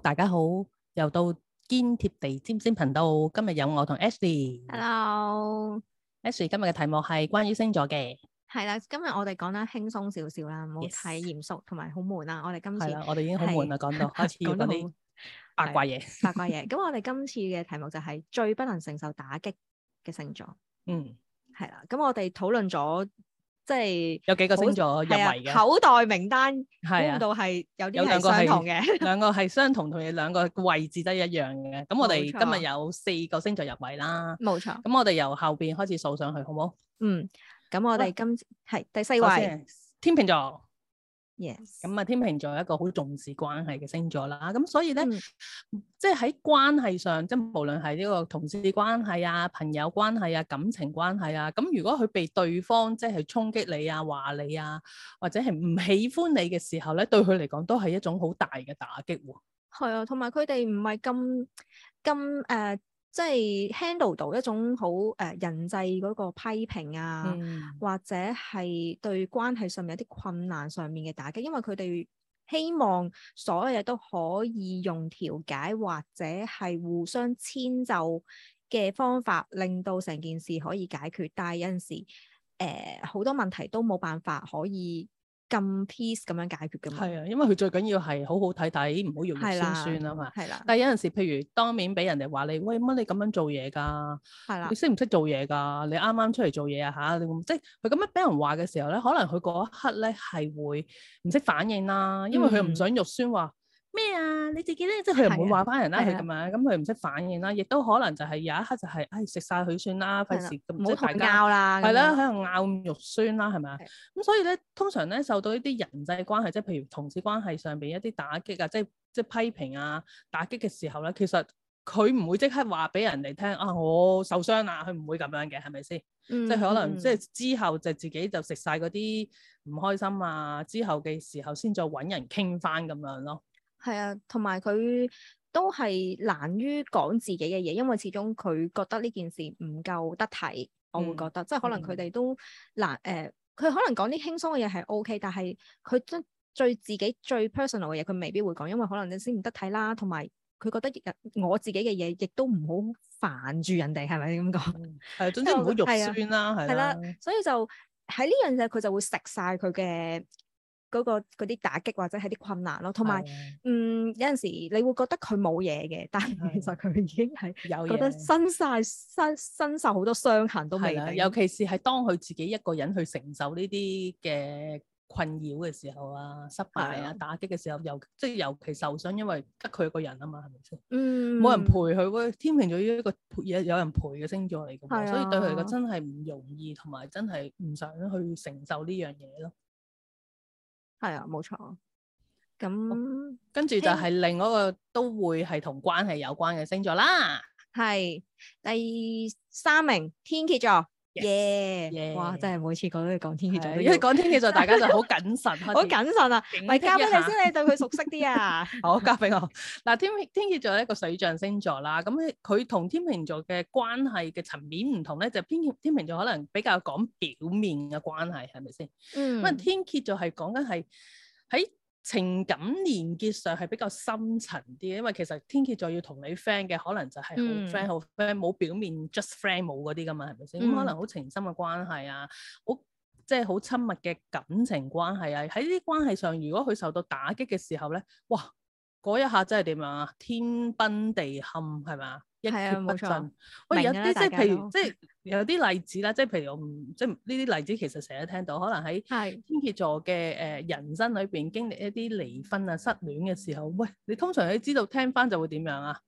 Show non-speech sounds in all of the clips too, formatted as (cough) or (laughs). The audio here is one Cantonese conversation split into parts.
大家好，又到堅貼地占星頻道。今日有我同 Ashley。Hello，Ashley，今日嘅題目係關於星座嘅。係啦，今日我哋講得輕鬆少少啦，唔好睇嚴肅同埋好悶啦。我哋今次我哋已經好悶啦，講到講得，開始要講啲八卦嘢，八卦嘢。咁我哋今次嘅題目就係最不能承受打擊嘅星座。嗯，係啦，咁我哋討論咗。即係有幾個星座入圍嘅、啊，口袋名單，係到係、啊、有啲係相同嘅，兩個係 (laughs) 相同，同你兩個位置都一樣嘅。咁我哋今日有四個星座入圍啦，冇錯錯。咁我哋由後邊開始數上去，好唔好？嗯，咁我哋今次係好第四位，天秤座。咁啊 Yes，天秤座一個好重視關係嘅星座啦，咁所以咧，嗯、即係喺關係上，即係無論係呢個同事關係啊、朋友關係啊、感情關係啊，咁如果佢被對方即係、就是、衝擊你啊、話你啊，或者係唔喜歡你嘅時候咧，對佢嚟講都係一種好大嘅打擊喎。係啊、嗯，同埋佢哋唔係咁咁誒。即係 handle 到一種好誒、呃、人際嗰個批評啊，嗯、或者係對關係上面有啲困難上面嘅打擊，因為佢哋希望所有嘢都可以用調解或者係互相遷就嘅方法，令到成件事可以解決。但係有陣時誒好、呃、多問題都冇辦法可以。咁 peace 咁樣解決㗎嘛？係啊，因為佢最緊要係好好睇睇，唔好肉酸酸啊嘛。係啦，但係有陣時，譬如當面俾人哋話你，喂乜你咁樣做嘢㗎？係啦，你識唔識做嘢㗎？你啱啱出嚟做嘢啊吓，你咁即係佢咁樣俾人話嘅時候咧，可能佢嗰一刻咧係會唔識反應啦，因為佢唔想肉酸話。嗯咩啊？你自己咧，即係佢唔會話翻人啦、啊，係咁的樣咁佢唔識反應啦、啊，亦都可能就係有一刻就係、是、唉，食晒佢算的得啦，費事咁唔好同人拗啦，係啦樣，喺度拗肉酸啦，係咪啊？咁的、嗯、所以咧，通常咧受到一啲人際關係，即係譬如同事關係上邊一啲打擊啊，即係即係批評啊，打擊嘅時候咧，其實佢唔會即刻話俾人哋聽啊，我受傷啦，佢唔會咁樣嘅，係咪先？即係可能即係之後就自己就食晒嗰啲唔開心啊，之後嘅時候先再揾人傾翻咁樣咯。係啊，同埋佢都係難於講自己嘅嘢，因為始終佢覺得呢件事唔夠得體，嗯、我會覺得，嗯、即係可能佢哋都難誒，佢、呃、可能講啲輕鬆嘅嘢係 O K，但係佢真最自己最 personal 嘅嘢，佢未必會講，因為可能你先唔得體啦，同埋佢覺得我自己嘅嘢亦都唔好煩住人哋，係咪咁講？係、 (laughs) 嗯，總之唔好肉酸啦、啊，係啦、啊，所以就喺呢樣嘢，佢就會食晒佢嘅。嗰啲打擊或者係啲困難咯，同埋、啊、嗯、有陣時你會覺得佢冇嘢嘅，但係其實佢已經係有嘢覺得身曬身身受好多傷痕都未。尤其是係當佢自己一個人去承受呢啲嘅困擾嘅時候啊，失敗啊，啊打擊嘅時候，尤即係尤其受傷，因為得佢一個人啊嘛，係咪先？嗯，冇人陪佢，天秤座依一個嘢有人陪嘅星座嚟嘅，的所以對佢嚟講真係唔容易，同埋真係唔想去承受呢樣嘢咯。係啊，冇錯。咁跟住就係另外一個都會係同關係有關嘅星座啦。係聽第三名天蠍座。耶！Yeah, yeah. 哇，真係每次講都係講天蠍座，因為講天蠍座大家就好謹慎，好謹 (laughs) 始 (laughs) 慎啊。咪交俾你， (laughs) 你先，你對佢熟悉啲啊。 (laughs) 好，交俾我。嗱、啊，天蠍天蠍座係一個水象星座啦。咁佢同天秤座嘅關係嘅層面唔同咧，就是、天天秤座可能比較講表面嘅關係，係咪先？嗯。可能天蠍座係講緊係喺。情感連結上係比較深層啲，因為其實天蠍座要同你 friend 嘅可能就係好 friend 好、嗯、friend，冇表面 just friend 冇嗰啲噶嘛，係咪先？咁、嗯、可能好情深嘅關係啊，好即係好親密嘅感情關係啊。喺呢啲關係上，如果佢受到打擊嘅時候咧，哇！嗰一下真係點樣啊？天崩地陷係咪啊？係啊，冇錯。 (music) 喂，有啲如即係 (laughs) 譬如，即係有啲例子啦，即係譬如我唔即係呢啲例子，其實成日聽到，可能喺天蠍座嘅誒、呃、人生裏邊經歷一啲離婚啊、失戀嘅時候，喂，你通常你知道聽翻就會點樣啊？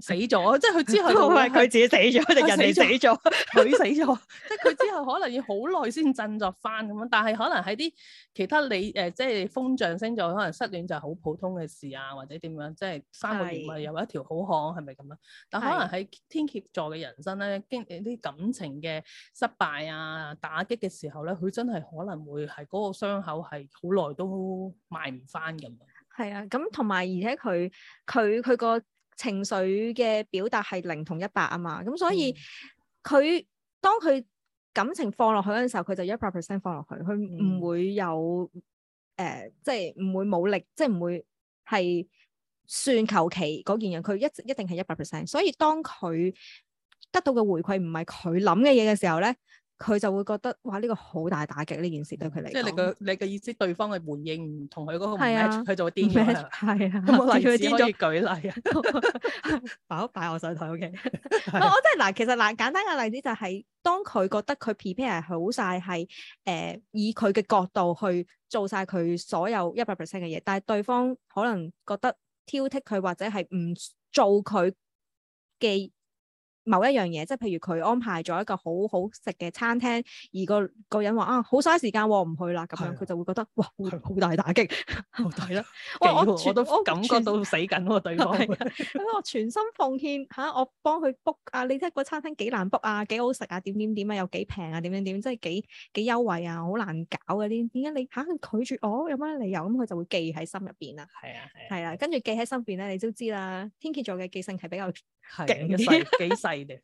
死咗，即係佢之後係、嗰、佢、個、 (laughs) 自己死咗，定人哋死咗，佢 (laughs) 死咗了。 (laughs) (laughs) 即係佢之後可能要好耐先振作翻咁樣，但係可能喺啲其他你誒、呃，即係風象星座，可能失戀就係好普通嘅事啊，或者點樣，即係三個月咪又一條好漢，係咪咁啊？但可能喺天蠍座嘅人生咧，經啲感情嘅失敗啊、打擊嘅時候咧，佢真係可能會係嗰個傷口係好耐都埋唔翻咁。係啊，咁同埋而且佢佢佢個。情緒嘅表達係零同一百啊嘛，咁所以佢、嗯、當佢感情放落去嗰陣時候，佢就一百 percent 放落去，佢唔會有誒，即係唔會冇力，即係唔會係算求其嗰件嘢，佢一一定係一百 percent。所以當佢得到嘅回饋唔係佢諗嘅嘢嘅時候咧。佢就會覺得，哇！呢個好大打擊，呢件事對佢嚟講。即係你嘅你嘅意思，對方嘅回應唔同佢嗰個 match，佢做啲咩？咗啦。啊，例子可以舉例啊。好，擺 (laughs) (laughs) 我上台 OK。 (laughs) (laughs) 我真係嗱，其實嗱，簡單嘅例子就係，當佢覺得佢 prepare 好晒係誒以佢嘅角度去做晒佢所有一百 percent 嘅嘢，但係對方可能覺得挑剔佢，或者係唔做佢嘅。某一樣嘢，即係譬如佢安排咗一個好好食嘅餐廳，而個個人話啊，好嘥時間喎，唔去啦咁樣，佢就會覺得，哇，好大打擊，係啦，哇，我都感覺到死緊喎，對方，我全心奉獻嚇，我幫佢 book 啊，你知嗰個餐廳幾難 book 啊，幾好食啊，點點點啊，又幾平啊，點點點，即係幾幾優惠啊，好難搞嗰啲，點解你嚇拒絕我？有乜理由？咁佢就會記喺心入邊啦。係啊，係啊，跟住記喺心入邊咧，你都知啦，天蠍座嘅記性係比較勁嘅，幾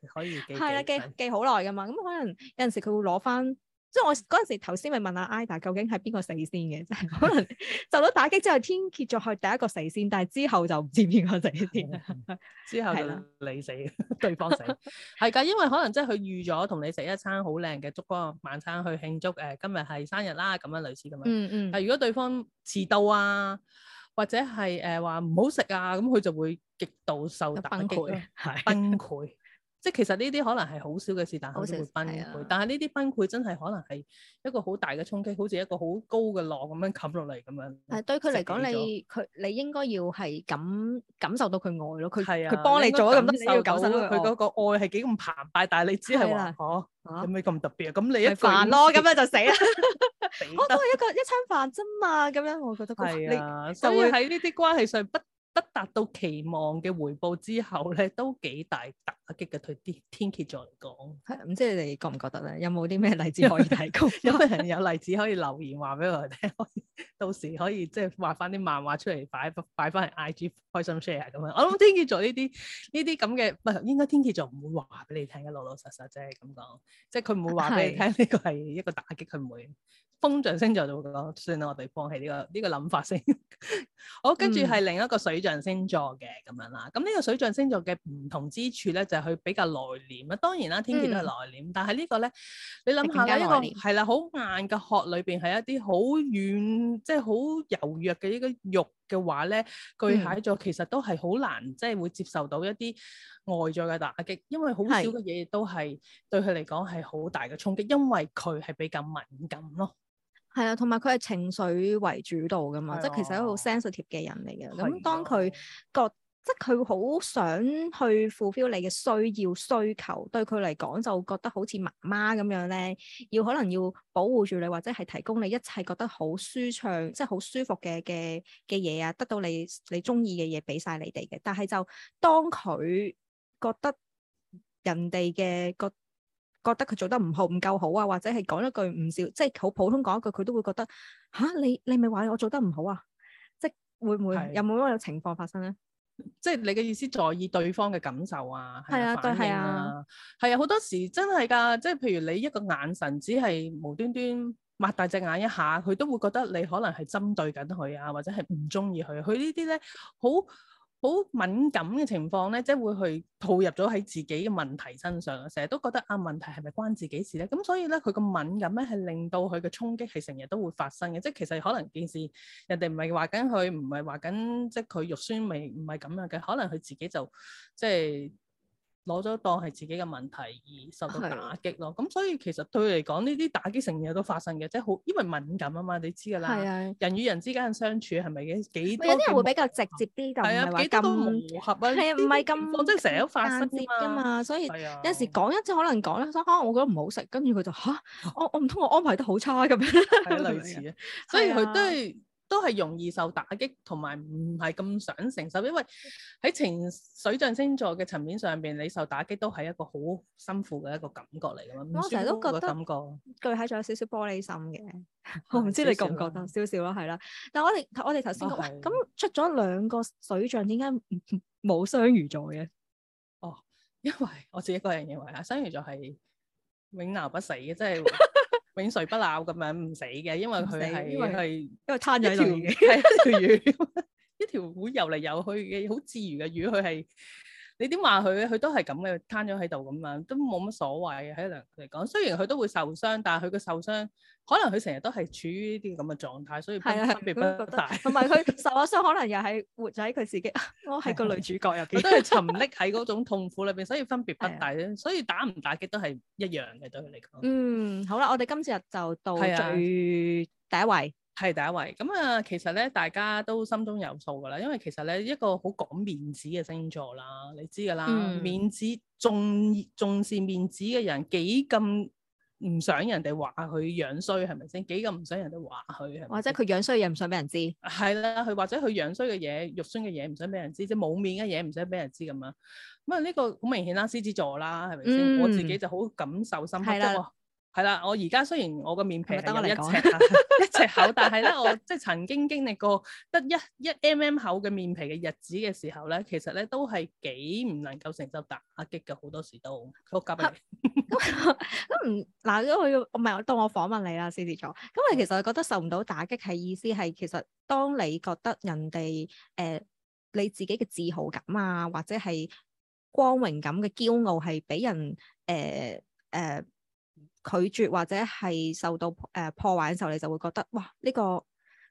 可以記係啦，記記好耐噶嘛。咁、嗯、可能有陣時佢會攞翻，即係我嗰陣時頭先咪問阿 ida 究竟係邊個死先嘅，即係可能受到打擊之後天蠍咗去第一個死先，但係之後就唔知邊個死先。 (laughs) 之後就你死，的對方死。係噶， (laughs) 因為可能即係佢預咗同你食一餐好靚嘅燭光晚餐去慶祝誒、呃、今日係生日啦，咁樣類似咁樣。嗯嗯。但如果對方遲到啊，或者係誒話唔好食啊，咁佢就會極度受打擊， (laughs) 崩潰了。對 (laughs) 即係其實呢啲可能係好少嘅事，但係好少會崩潰。但係呢啲崩潰真係可能係一個好大嘅衝擊，好似一個好高嘅浪咁樣冚落嚟咁樣。係對佢嚟講，你佢你應該要係感感受到佢愛咯。佢佢幫你做咗咁多嘢，你要感受到佢佢嗰個愛係幾咁澎湃，但係你只係話哦，嚇有咩咁特別啊？咁你一個飯咯咁樣就死啦。我都係一個一餐飯咋嘛咁樣，我覺得係啊，所以喺呢啲關係上不唔達到期望嘅回報之後咧，都幾大打擊嘅。對天天蠍座嚟講，唔知你哋覺唔覺得咧？有冇啲咩例子可以提供？ (laughs) (laughs) 有冇人有例子可以留言話俾我哋聽？ (laughs) 到時可以即係畫翻啲漫畫出嚟，擺擺翻喺 IG 開心 share 咁樣。我諗天蠍座呢啲呢啲咁嘅，唔應該天蠍座唔會話俾你聽嘅，老老實實即係咁講。即係佢唔會話俾你聽，呢個係一個打擊，佢唔的會。風象星座就會講，算啦，我哋放棄呢、這個呢、這個諗法先。好、 (laughs) 哦，跟住係另一個水象星座嘅咁樣啦。咁呢、嗯、個水象星座嘅唔同之處咧，就係、是、佢比較內斂啊。當然啦，天蠍都係內斂，嗯、但係呢個咧，你諗下呢個係啦，好硬嘅殼裏邊係一啲好軟。嗯、即係好柔弱嘅呢個肉嘅話咧，巨蟹座其實都係好難，即係會接受到一啲外在嘅打擊，因為好少嘅嘢都係是對佢嚟講係好大嘅衝擊，因為佢係比較敏感咯。係啊，同埋佢係情緒為主導㗎嘛，啊、即係其實係一個 sensitive 嘅人嚟嘅。咁、啊、當佢覺即係佢好想去 fulfil 你嘅需要、需求，對佢嚟講就覺得好似媽媽咁樣咧，要可能要保護住你，或者係提供你一切覺得好舒暢，即係好舒服嘅嘅嘅嘢啊，得到你你鍾意嘅嘢俾晒你哋嘅。但係就當佢覺得人哋嘅覺覺得佢做得唔好唔夠好啊，或者係講一句唔少，即係好普通講一句，佢都會覺得吓，你你咪話我做得唔好啊？即係會唔會是有冇咁嘅情況發生咧？.即係你嘅意思，在意對方嘅感受啊，係啊，對，反映啊。係啊，好多時真係噶，即係譬如你一個眼神，只係無端端擘大隻眼一下，佢都會覺得你可能係針對緊佢啊，或者係唔中意佢。佢呢啲咧好。好敏感嘅情況咧，即係會去套入咗喺自己嘅問題身上啦。成日都覺得啊，問題係咪關自己事咧？咁所以咧，佢個敏感咧係令到佢嘅衝擊係成日都會發生嘅。即係其實可能件事，人哋唔係話緊佢，唔係話緊即係佢肉酸味，味唔係咁樣嘅。可能佢自己就即係。攞咗當係自己嘅問題而受到打擊咯，咁了所以其實對佢嚟講呢啲打擊成日都發生嘅，即係好因為敏感啊嘛，你知噶啦。係啊了。人與人之間嘅相處係咪嘅幾多？有啲人會比較直接啲咁，係啊，幾多磨合啊？係啊麼，唔係咁。即係成日都發生啲嘛，嘛，所以有時講一次可能講咧，嚇、啊、我覺得唔好食，跟住佢就吓、啊，我，我唔通我安排得好差咁樣。係類似啊，所以佢都係。都係容易受打擊，同埋唔係咁想承受，因為喺情水象星座嘅層面上邊，你受打擊都係一個好辛苦嘅一個感覺嚟㗎嘛。我成日都覺得感覺，巨蟹仲有少少玻璃心嘅。我唔知你覺唔覺得？少少咯，係啦。但係我哋我哋頭先咁出咗兩個水象，點解冇雙魚座嘅？哦，因為我自己個人認為啦，雙魚座係永難不死嘅，即係。永垂不朽咁樣唔死嘅，因為佢係因為係因為攤咗喺度，係一條魚， (laughs) 一條會 (laughs) 游嚟游去嘅好自如嘅魚，佢係。你點話佢？佢都係咁嘅攤咗喺度咁樣，都冇乜所謂喺度嚟講。雖然佢都會受傷，但係佢個受傷可能佢成日都係處於呢啲咁嘅狀態，所以分別不大。同埋佢受咗傷，可能又係活在佢自己。 (laughs) 我係個女主角又幾？都係、啊、沉溺喺嗰種痛苦裏邊，所以分別不大咧。啊、所以打唔打擊都係一樣嘅對佢嚟講。嗯，好啦，我哋今次日就到最、啊、第一位。係第一位咁啊，其實咧大家都心中有數㗎啦，因為其實咧一個好講面子嘅星座啦，你知㗎啦，嗯、面子重重視面子嘅人幾咁唔想人哋話佢樣衰係咪先？幾咁唔想人哋話佢或者佢樣衰嘢唔想俾人知，係啦，佢或者佢樣衰嘅嘢、肉酸嘅嘢唔想俾人知，即係冇面嘅嘢唔想俾人知咁樣。咁啊呢個好明顯啦，獅子座啦，係咪先？嗯、我自己就好感受深刻啫的係啦，我而家雖然我個面皮我係一尺 (laughs) 一尺厚，但係咧 (laughs) 我即係曾經經歷過得一一 mm 厚嘅面皮嘅日子嘅時候咧，其實咧都係幾唔能夠承受打擊嘅，好多時都好。我交俾你。都唔嗱，如果佢我唔係我當我訪問你啦先至錯。咁我其實覺得受唔到打擊係意思係其實當你覺得人哋誒、呃、你自己嘅自豪感啊，或者係光榮感嘅驕傲係俾人誒誒。呃呃呃拒絕或者係受到誒、呃、破壞嘅時候，你就會覺得哇！呢、這個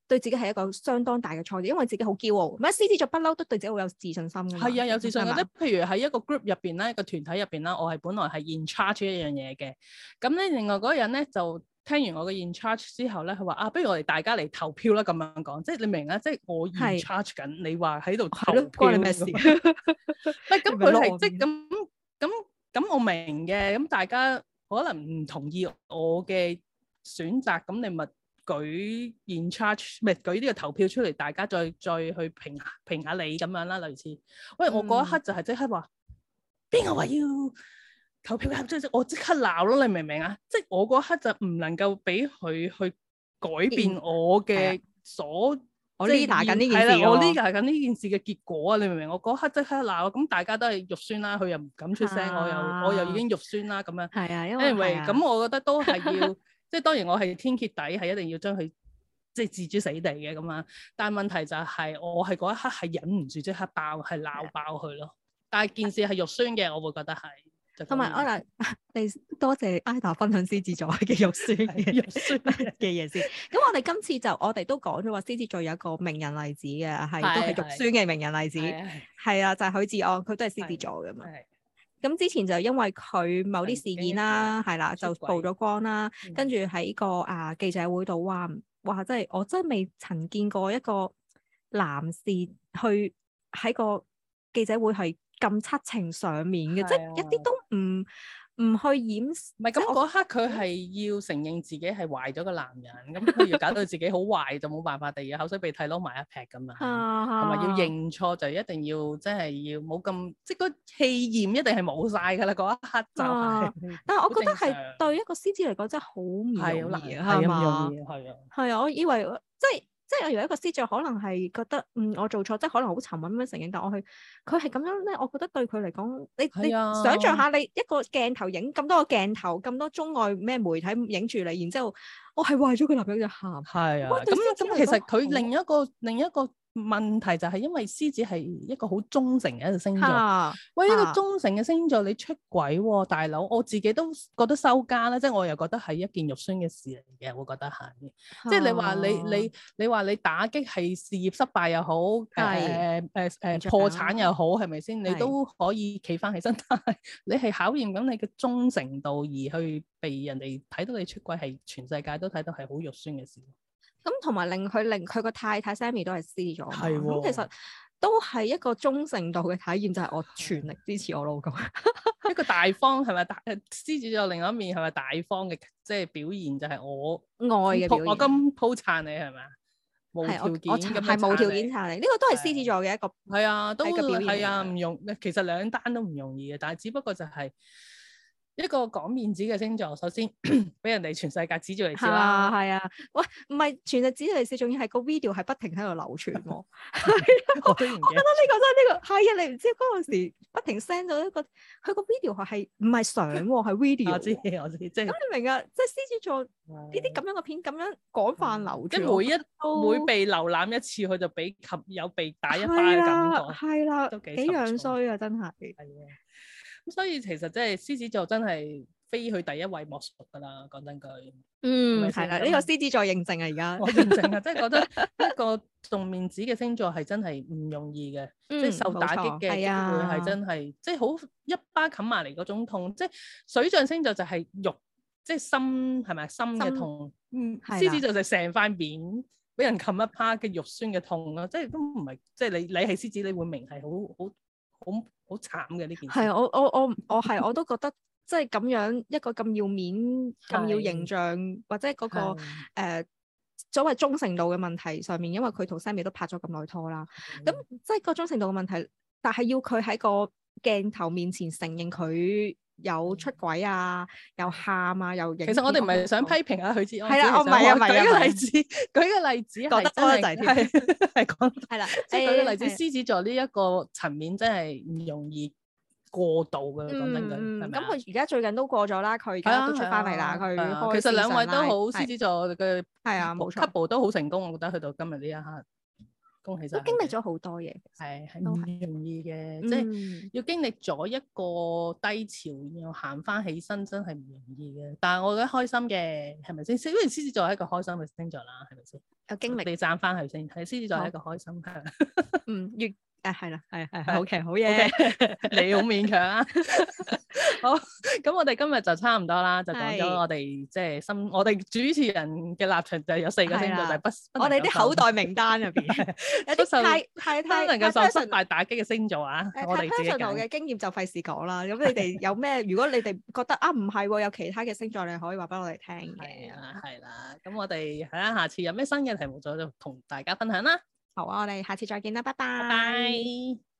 對自己係一個相當大嘅創意，因為自己好驕傲。咩係獅子座不嬲都對自己好有自信心嘅。係啊，有自信嘅。即係譬如喺一個 group 入邊咧，一個團體入邊啦，我係本來係 in charge 一樣嘢嘅。咁咧，另外嗰人咧就聽完我嘅 in charge 之後咧，佢話啊，不如我哋大家嚟投票啦咁樣講。即係你明啊？即係我 in charge 緊，你話喺度投票關你咩事？唔咁、 (laughs) (laughs) 就是，佢係即係咁咁咁，我明嘅咁大家。可能唔同意我嘅選擇，咁你咪舉現 charge，咪舉呢個投票出嚟，大家再再去評評下你咁樣啦，類似。喂，我嗰一刻就係即刻話，邊個話要投票入去， (laughs) 我即刻鬧咯，你明唔明啊？即係 (laughs) 我嗰一刻就唔能夠俾佢去改變我嘅所。即我呢啲呢件事、啊、我呢就係緊呢件事嘅結果啊！你明唔明？我嗰刻即刻鬧，咁大家都係肉酸啦，佢又唔敢出聲，啊、我又我又已經肉酸啦，咁樣。係啊，因為咁，我覺得都係要， (laughs) 即係當然我係天蠍底，係一定要將佢即係置諸死地嘅咁啊！但係問題就係我係嗰一刻係忍唔住即刻爆，係鬧爆佢咯。的但係件事係肉酸嘅，我會覺得係。同埋，我哋多謝 Ida 分享獅子座嘅肉酸 (laughs) 肉酸嘅嘢先。咁 (laughs) 我哋今次就我哋都講咗話，獅子座有一個名人例子嘅，係 (laughs) 都係肉酸嘅名人例子，係啊，就係許志安，佢都係獅子座嘅嘛。咁之前就因為佢某啲事件啦，係啦，就曝咗光啦，跟住喺個啊記者會度話話，即係我真係未曾見過一個男士去喺個記者會係。咁七情上面嘅，即係一啲都唔唔去掩。唔係咁嗰刻佢係要承認自己係壞咗個男人，咁佢要搞到自己好壞就冇辦法。第二日口水鼻涕撈埋一劈咁啊，同埋要認錯就一定要，即係要冇咁，即係個氣焰一定係冇晒㗎喇。嗰一刻就，但係我覺得係對一個獅子嚟講真係好唔容易啊，係嘛？係啊，係啊，我以為即係。即係我以為一個獅子可能係覺得，嗯，我做錯，即係可能好沉穩咁承認，但我佢佢係咁樣咧，我覺得對佢嚟講，你是、啊、你想像下，你一個鏡頭影咁多個鏡頭，咁多中外咩媒體影住你，然後之後我係為咗佢男友度喊，係啊，咁咁那其實佢另一個另一個。問題就係因為獅子係一個好忠誠嘅一個星座，哈喂，一個忠誠嘅星座哈你出軌喎，啊，大佬，我自己都覺得羞家啦，即係我又覺得係一件肉酸嘅事嚟嘅，我覺得係，即係哈哈你話你你你話你打擊係事業失敗又好，係誒誒誒破產又好，係咪先？吧你都可以企翻起身，但係你係考驗緊你嘅忠誠度而去被人哋睇到你出軌，係全世界都睇到係好肉酸嘅事。咁同埋令佢，令佢個太太 Sammy 都係黐咗，咁的其實都係一個忠誠度嘅體現，就係、是、我全力支持我老公 (laughs) 一個大方，係咪大獅子座另外一面係咪大方嘅即係表現就，就係我愛嘅我今 po 撐你係咪啊？無條件咁係無件撐你，呢、這個都係獅子座嘅一個係啊的，都係啊，唔容其實兩單都唔容易嘅，但係只不過就係、是。一個講面子嘅星座，首先俾人哋全世界指住嚟笑。啦，係啊，喂，唔係，全世界指住嚟笑，仲要係個 video 係不停喺度流傳。係我覺得呢個真係呢個，係啊，你唔知嗰陣時不停 send 咗一個，佢個 video 係唔係相，係 video。我知，我知，即係。咁你明啊？即係獅子座呢啲咁樣嘅片，咁樣廣泛流傳。即係每一每被瀏覽一次，佢就俾及有被打一巴嘅感覺。係啦，都幾樣衰啊，真係。咁所以其實即係獅子座真係非佢第一位莫屬噶啦，講真句。嗯，係啦，呢個獅子座認證啊，而家我認證啊，即係覺得一個動面子嘅星座係真係唔容易嘅，即係受打擊嘅會係真係，即係好一巴冚埋嚟嗰種痛。即係水象星座就係肉，即係心係咪心嘅痛？嗯，獅子座就成塊面俾人冚一巴嘅肉酸嘅痛咯。即係都唔係，即係你你係獅子，你會明係好好。好好慘嘅，呢件事係啊， (noise) 我我我我係我都覺得 (laughs) 即係咁樣一個咁要面，咁 (laughs) 要形象或者嗰個誒所謂忠誠度嘅問題上面，因為佢同 Sammy 都拍咗咁耐拖啦，咁 (noise) 即係個忠誠度嘅問題，但係要佢喺個鏡頭面前承認佢。有出軌啊，又喊啊，又其實我哋唔係想批評啊，許志安係啊，我唔係啊，唔係啊，舉個例子，舉個例子得真係係講係啦，即舉個例子，獅子座呢一個層面真係唔容易過度嘅，講真緊，係咪？咁佢而家最近都過咗啦，佢而家都出翻嚟啦，佢其實兩位都好獅子座嘅係啊，冇都好成功，我覺得去到今日呢一刻。都經歷咗好多嘢，係係唔容易嘅，即係是要經歷咗一個低潮，然後行翻起身真係唔容易嘅。但係我覺得開心嘅係咪先？因為獅子座係一個開心嘅星座啦，係咪先？有經歷，你賺翻佢先。係獅子座係一個開心嘅，嗯越。誒係啦，係係係，好嘅好嘢，你好勉強啊，好，咁我哋今日就差唔多啦，就講咗我哋即係心，我哋主持人嘅立場就係有四個星座，就係不，我哋啲口袋名單入邊，受太太太能夠承嘅受失敗打擊嘅星座啊，我哋自己嘅經驗就費事講啦，咁你哋有咩？如果你哋覺得啊唔係喎，有其他嘅星座你可以話俾我哋聽嘅，係啦，咁我哋係啊，下次有咩新嘅題目就同大家分享啦。好啊，我哋下次再見啦，拜拜。Bye bye